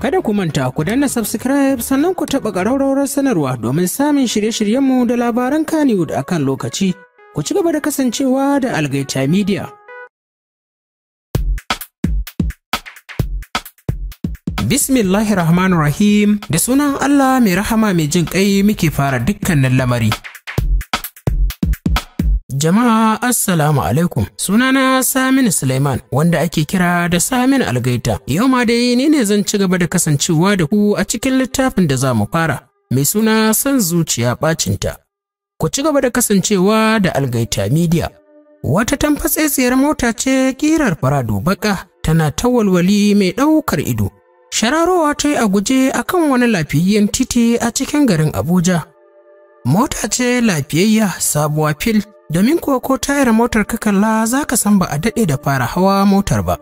Kada ku manta ku danna subscribe sannan ku taɓa ƙararrawar sanarwa domin samun shirye-shiryenmu da labaran kaniwood a kan lokaci. Ku ci gaba da kasancewa da Algaita Media. Bismillahirrahmanirrahim da sunan Allah mai rahama mai jin ƙai muke fara dukkanin lamari. Jama'a Assalamu alaikum sunana Saminu Suleiman wanda ake kira da Samin Algaita yau ma dai ni ne zan ci gaba da kasancewa da ku a cikin littafin da za mu fara mai suna son zuciya bacinta ku ci gaba da kasancewa da Algaita Media wata tamfatsetsiyar mota ce kirar farado baka tana ta walwali mai ɗaukar ido shararowa ta yi a guje akan wani lafiyayyen titi a cikin garin Abuja mota ce lafiyayya sabuwa fil domin kuwa ko tayar motar ka kalla za ka san ba a daɗe da fara hawa motar ba.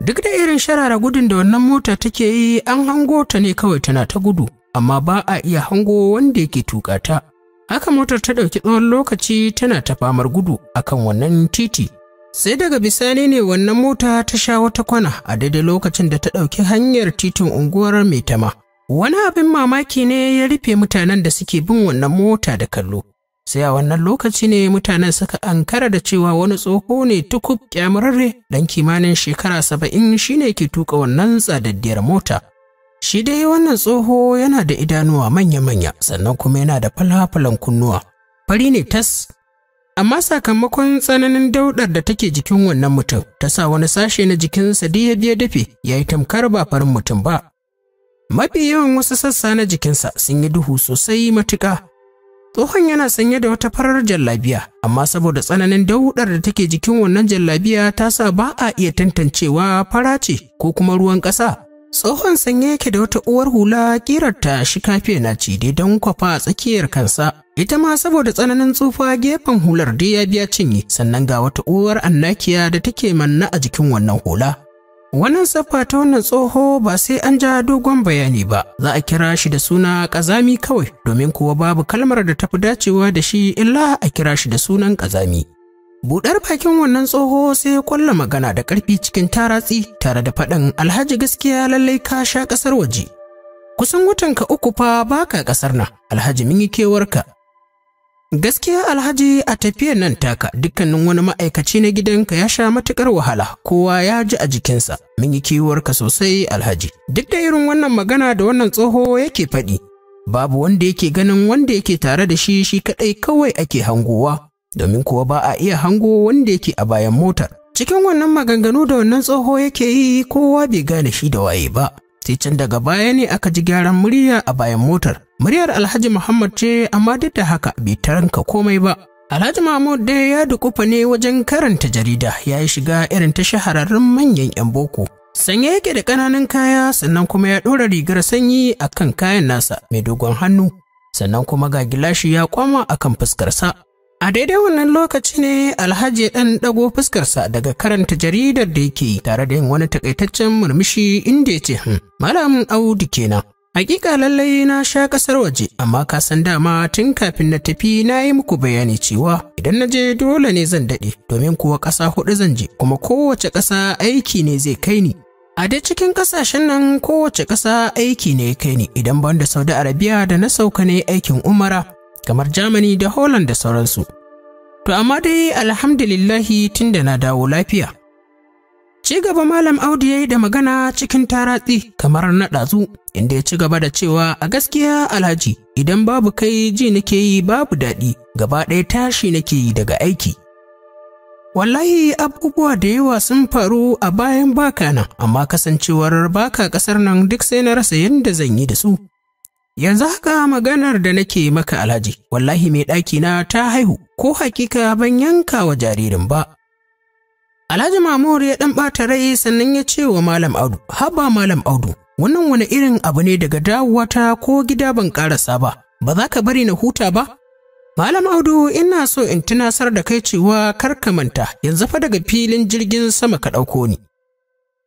Duk da irin sharara gudun da wannan mota take yi an hango ta ne kawai tana ta gudu, amma ba a iya hango wanda yake tuƙa ta. Haka motar ta ɗauki tsawon lokaci tana ta famar gudu akan wannan titi. Sai daga bisani ne wannan mota ta sha wata kwana a daidai lokacin da ta ɗauki hanyar titin unguwar mai tama Wani abin mamaki ne ya rufe mutanen da suke bin wannan mota da kallo. sai a wannan lokaci ne mutanen suka ankara da cewa wani tsoho ne tukub kyamararre dan kimanin shekara saba'in shine ke tuka wannan tsadaddiyar mota shi dai wannan tsoho yana da idanuwa manya-manya sannan kuma yana da falafalan kunnuwa fari ne tas amma sakamakon tsananin daudar da take jikin wannan mutum ta sa wani sashe na jikinsa da ya biya dafe ya yi tamkar ba farin mutum ba mafi yawan wasu sassa na jikinsa sun yi duhu sosai matuƙa Tsohon yana sanye da wata farar jallabiya, amma saboda tsananin daudar da take jikin wannan jallabiya ta sa ba a iya tantancewa fara ce ko kuma ruwan ƙasa. Tsohon sanye yake da wata uwar hula ƙirarta shi kafe na ci dai don kwafa tsakiyar kansa. Ita ma saboda tsananin tsufa gefen hular dai ya biya cinye, sannan ga wata uwar annakiya da take manna a jikin wannan hula. Wannan siffa ta wannan tsoho ba sai an ja dogon bayani ba, za a kira shi da suna ƙazami kawai, domin kuwa babu kalmar da tafi dacewa da shi illa a kira shi da sunan ƙazami. Buɗar bakin wannan tsoho sai ya magana da ƙarfi cikin taratsi tare da faɗin alhaji gaskiya lallai ka sha ƙasar waje. Kusan watan ka uku fa baka ƙasar nan, alhaji mun yi kewarka, Gaskiya Alhaji a tafiyar nan taka dukkanin wani ma'aikaci na gidanka ya sha matukar wahala kowa ya ji a jikinsa mun yi kiwarka sosai Alhaji duk da irin wannan magana da wannan tsoho yake faɗi babu wanda yake ganin wanda yake tare da shi shi kaɗai kawai ake hangowa domin kuwa ba a iya hango wanda yake a bayan motar cikin wannan maganganu da wannan tsoho yake yi kowa bai gane shi da waye ba sai can daga baya ne aka ji gyaran murya a bayan motar Muryar Alhaji Muhammad ce amma duk da haka bai taranka komai ba. Alhaji Mahmud dai ya dukufa ne wajen karanta jarida ya yi shiga irin ta shahararrun manyan 'yan boko. Sanye yake da ƙananan kaya sannan kuma ya ɗora rigar sanyi a kan kayan nasa mai dogon hannu. Sannan kuma ga gilashi ya kwama a kan fuskarsa. A daidai wannan lokaci ne Alhaji ɗan ɗago fuskarsa daga karanta jaridar da yake tare da yin wani takaitaccen murmushi inda ya ce, hmm, Malam Audu kenan. Hakika lallai na sha kasar waje, amma ka san dama tun kafin na tafi na yi muku bayani cewa idan na je dole ne zan daɗe, domin kuwa ƙasa hudu zan je, kuma kowace ƙasa aiki ne zai kai ni. A dai cikin ƙasashen nan kowace ƙasa aiki ne kai ni idan ban da Saudi Arabiya da na sauka ne aikin Umara, kamar Germany da Holland da sauransu. To amma dai alhamdulillahi tun da na dawo lafiya. Ci gaba Malam Audu ya yi da magana cikin taratsi kamar na ɗazu, inda ya ci gaba da cewa a gaskiya Alhaji idan babu kai ji nake yi babu daɗi gaba ɗaya tashi nake yi daga aiki. Wallahi abubuwa da yawa sun faru a bayan baka nan, amma kasancewar baka ƙasar nan duk sai na rasa yadda zan yi da su. Yanzu haka maganar da nake maka Alhaji, wallahi mai ɗakina ta haihu, ko hakika ban yanka wa jaririn ba. Alhaji Mamur ya ɗan bata rai sannan ya ce wa Malam Audu, haba Malam Audu, wannan wani irin abu ne daga dawowata ko gida ban ƙarasa ba, ba za ka bari na huta ba? Malam Audu ina so in tunasar da kai cewa kar ka manta yanzu fa daga filin jirgin sama ka ɗauko ni.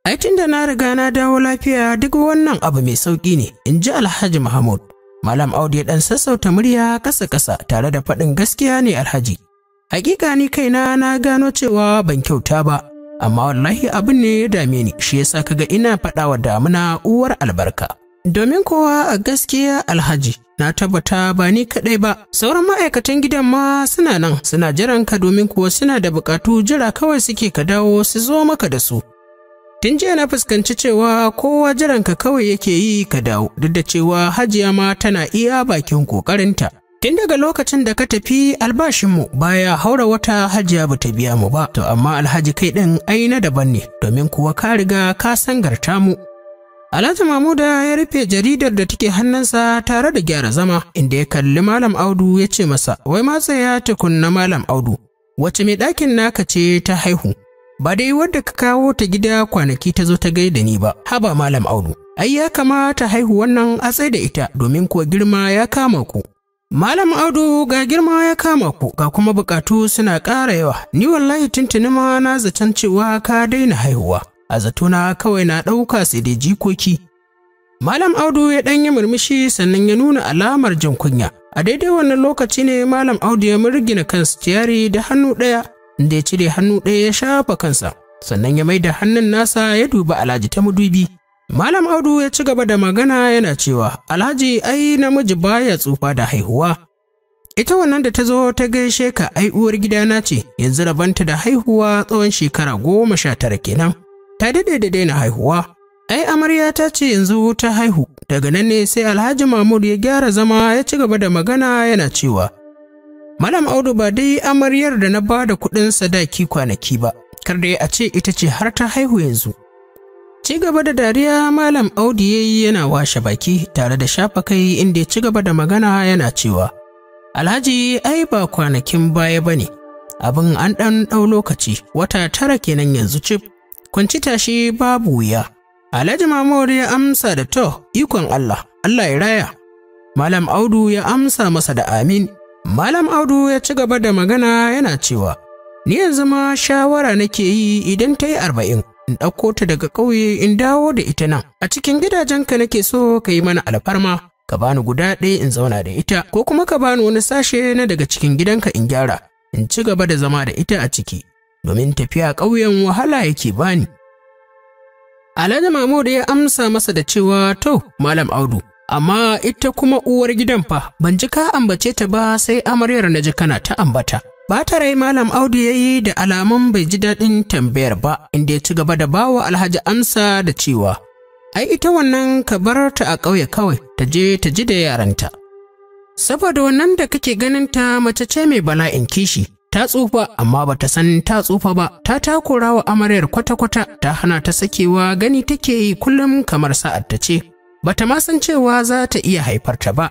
Ai da na riga na dawo lafiya duk wannan abu mai sauki ne, in ji Alhaji Mahmud. Malam Audu ya ɗan sassauta murya kasa-kasa tare da faɗin gaskiya ne Alhaji. hakika ni kaina na gano cewa ban kyauta ba amma wallahi abin ne ya dame ni shi yasa kaga ina faɗa wa damuna uwar albarka domin kowa a gaskiya alhaji na tabbata ba ni kaɗai ba sauran ma'aikatan gidan ma suna nan suna jiran ka domin kuwa suna da buƙatu jira kawai suke ka dawo su zo maka da su tun jiya na fuskanci cewa kowa jiran ka kawai yake yi ka dawo duk da cewa hajiya ma tana iya bakin ƙoƙarinta Tun daga lokacin da ka tafi albashinmu baya haura wata hajiya ba ta biya mu ba, to amma alhaji kai ɗin ai na daban ne, domin kuwa ka riga ka sangarta mu. Alhaji Mamuda ya rufe jaridar da take hannunsa tare da gyara zama, inda ya kalli Malam Audu ya ce masa, wai matsa ya tukunna Malam Audu, wace mai ɗakin naka ce ta haihu, ba dai wadda ka kawo ta gida kwanaki ta zo ta gai da ni ba haba malam audu ai ya kamata haihu wannan a da ita domin kuwa girma ya kama ku Malam Audu ga girma ya kama ku ga kuma bukatu suna ƙara yawa. Ni wallahi tuntuni ma na zaton cewa ka daina haihuwa. A zatona kawai na ɗauka sai dai jikoki. Malam Audu ya ɗan yi murmushi sannan ya nuna alamar jin kunya. A daidai wannan lokaci ne Malam Audu ya murgina kansa tiyari da hannu ɗaya, inda ya cire hannu ɗaya ya shafa kansa. Sannan ya mai da hannun nasa ya duba Alhaji ta madubi. Malam Audu ya ci gaba da magana yana cewa Alhaji ai namiji baya tsufa da haihuwa. Ita wannan da ta zo ta gaishe ka ai uwar gidana ce yanzu rabanta da haihuwa tsawon shekara goma sha tara kenan. Ta daɗe da daina haihuwa. Ai amarya ta ce yanzu ta haihu daga nan ne sai Alhaji Mahmud ya gyara zama ya ci gaba da magana yana cewa Malam Audu ba dai amaryar da na ba da kuɗin sadaki kwanaki ba, kar dai a ce ita ce har ta haihu yanzu. Ci gaba da dariya Malam Audu ya yi yana washe baki tare da shafa kai inda ya ci gaba da magana yana cewa, Alhaji ai ba kwanakin baya ba ne, abin an ɗan ɗau lokaci wata tara kenan yanzu cif, kwanci tashi babu wuya. Alhaji mamori ya amsa da to ikon Allah, Allah ya raya. Malam Audu ya amsa masa da amin. Malam Audu ya ci gaba da magana yana cewa, Ni yanzu ma shawara nake yi idan ta yi arba'in, in ɗauko ta daga ƙauye in dawo da ita nan a cikin gidajenka nake so ka yi mana alfarma ka bani guda ɗaya in zauna da ita ko kuma ka bani wani sashe na daga cikin gidanka in gyara in ci gaba da zama da ita a ciki domin tafiya ƙauyen wahala yake bani Alhaji Mahmud ya amsa masa da cewa to Malam Audu amma ita kuma uwar gidan fa ban ji ka ambace ta ba sai amaryar na ji kana ta ambata Bata rai Malam Audu ya yi da alamun bai ji daɗin tambayar ba, inda ya ci gaba da bawa Alhaji amsa da cewa, Ai, ita wannan ka bar ta a ƙauye kawai, ta je ta ji da yaranta. Saboda wannan da kake ganin ta mace ce mai bala'in kishi, ta tsufa amma ba ta san ta tsufa ba, ta takura wa amaryar kwata-kwata ta hana ta sakewa gani take yi kullum kamar sa'ad ta ce, bata ma san cewa za ta iya haifar ta ba.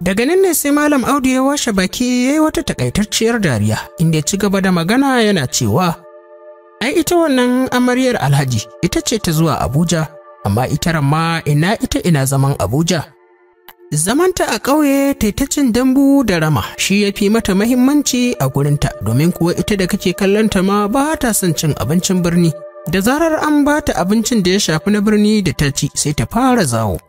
Daga nan ne sai Malam Audu ya washe baki ya yi wata takaitacciyar dariya inda ya ci gaba da magana yana cewa, Ai ita wannan amaryar Alhaji ita ce ta zuwa Abuja, amma ita ma ina ita ina zaman Abuja. Zamanta a ƙauye taitacin dambu da rama shi ya fi mata mahimmanci a gurinta domin kuwa ita da kake kallonta ma ba ta son cin abincin birni. Da zarar an ba ta abincin da ya shafi na birni da ta ci sai ta fara zawo.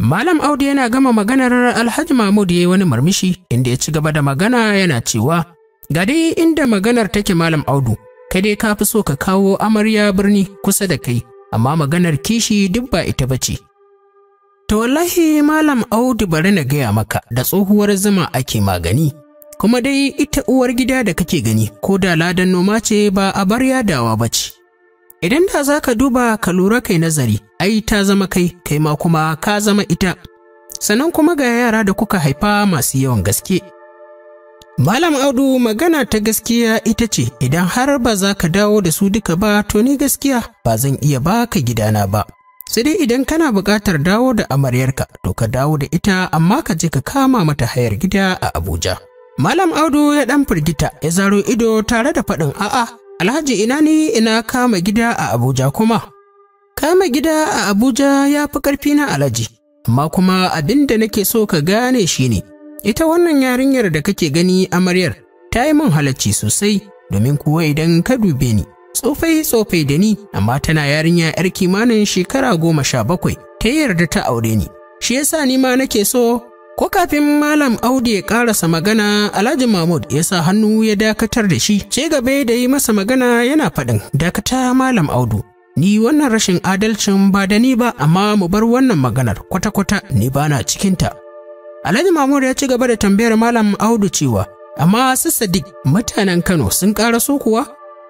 Malam Audu yana gama maganar Alhaji Mahmud ya yi wani murmushi inda ya ci gaba da magana yana cewa ga dai inda maganar take Malam Audu kai dai ka fi so ka kawo amarya birni kusa da kai amma maganar kishi duk ba ita bace. To wallahi Malam Audu bari na gaya maka da tsohuwar zuma ake magani kuma dai ita uwar gida da kake gani ko da ladan noma ce ba a bar yadawa bace. Idan da za ka duba ka lura kai nazari ai ta zama kai kai ma kuma ka zama ita sannan kuma ga yara da kuka haifa masu yawan gaske malam audu magana ta gaskiya ita ce idan har ba za ka dawo da su duka ba to ni gaskiya ba zan iya baka gidana ba sai dai idan kana buƙatar dawo da amaryarka to ka dawo da ita amma ka je ka kama mata hayar gida a abuja malam audu ya ɗan firgita ya zaro ido tare da faɗin a'a alhaji ina ni ina kama gida a abuja kuma Kama gida a Abuja ya fi ƙarfi na alaji, amma kuma abin da nake so ka gane shi ne, ita wannan yarinyar da kake gani amaryar ta yi min halacci sosai domin kuwa idan ka dube ni. Tsofai tsofai da ni, amma tana yarinya 'yar kimanin shekara goma sha bakwai ta yarda ta aure ni. Shi yasa ni ma nake so ko kafin Malam Audu ya ƙarasa magana Alhaji Mahmud ya sa hannu ya dakatar da shi, ce gaba da yi masa magana yana faɗin dakata Malam Audu. ni wannan rashin adalcin ba da ni ba amma mu bar wannan maganar kwata-kwata ni ba na cikinta alhaji Mahmud ya ci gaba da tambayar malam audu cewa amma su sadiq mutanen kano sun ƙara so kuwa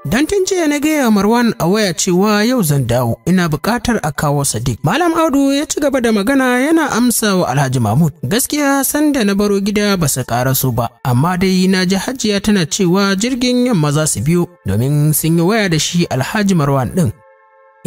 dan tun jiya na gaya marwan a waya cewa yau zan dawo ina buƙatar a kawo sadiq malam audu ya ci gaba da magana yana amsa wa alhaji mahmud gaskiya sanda na baro gida ba su ƙara su ba amma dai na ji hajiya tana cewa jirgin yamma za su biyo domin sun yi waya da shi alhaji marwan ɗin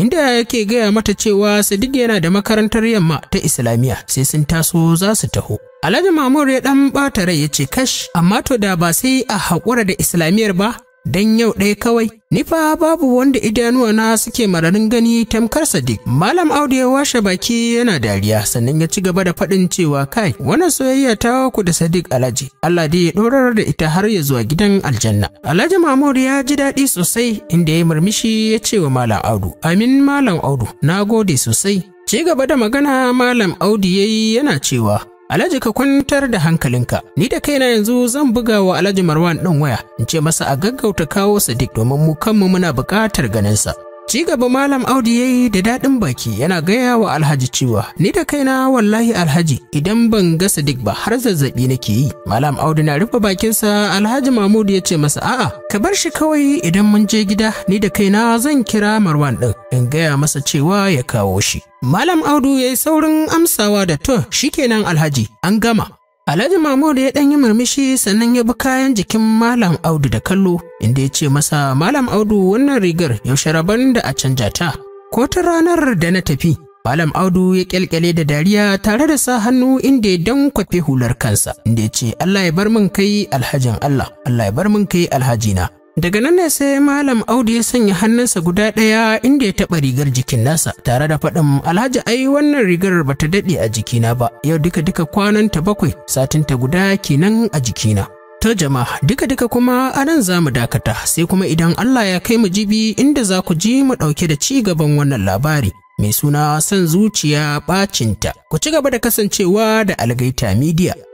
inda yake gaya mata cewa Sadiq yana da makarantar yamma ta Islamiyya sai sun taso za su taho. Alhaji Mamur ya dan bata rai ya ce kash amma to da ba sai a haƙura da Islamiyyar ba Don yau ɗaya kawai ni fa babu wanda idanuwa na suke mararin gani tamkar sadiq malam audu ya washe baki yana dariya sannan ya ci gaba da faɗin cewa kai wannan soyayya ta ku da sadiq alhaji allah dai ya ɗorar da ita har ya zuwa gidan aljanna alhaji mahmud ya ji daɗi sosai inda ya murmushi ya ce wa malam audu amin malam audu na gode sosai ci gaba da magana malam audu ya yi yana cewa Alhaji ka kwantar da hankalinka, ni da kaina yanzu zan buga wa Alhaji Marwan ɗin waya in ce masa a gaggauta kawo Sadiq domin mu kanmu muna buƙatar ganinsa. Ci gaba Malam Audu ya yi da daɗin baki yana gaya wa Alhaji cewa ni da kaina wallahi Alhaji idan ban ga Sadiq ba har zazzaɓi nake yi. Malam Audu na rufe bakinsa Alhaji Mahmud ya ce masa a'a ka bar shi kawai idan mun je gida ni da kaina zan kira Marwan ɗin in gaya masa cewa ya kawo shi. Malam Audu ya yi saurin amsawa da to shikenan Alhaji an gama Alhaji Mahmud ya ɗan yi murmushi sannan ya bi kayan jikin Malam Audu da kallo inda ya ce masa Malam Audu wannan rigar yaushe rabon da a canja ta. Ko ta ranar da na tafi, Malam Audu ya kyalkyale da dariya tare da sa hannu inda ya dan kwafe hular kansa inda ya ce Allah ya bar min kai alhajin Allah, Allah ya bar min kai alhajina. Daga nan ne sai Malam Audu ya sanya hannunsa guda ɗaya inda ya taɓa rigar jikin nasa tare da faɗin Alhaji ai wannan rigar ba ta daɗe a jikina ba yau duka duka kwananta bakwai satin ta guda kenan a jikina. To jama'a duka duka kuma a nan za mu dakata sai kuma idan Allah ya kai mu jibi inda za ku ji mu ɗauke da ci gaban wannan labari. Mai suna son zuciya ɓacinta, ku ci gaba da kasancewa da Algaita Media.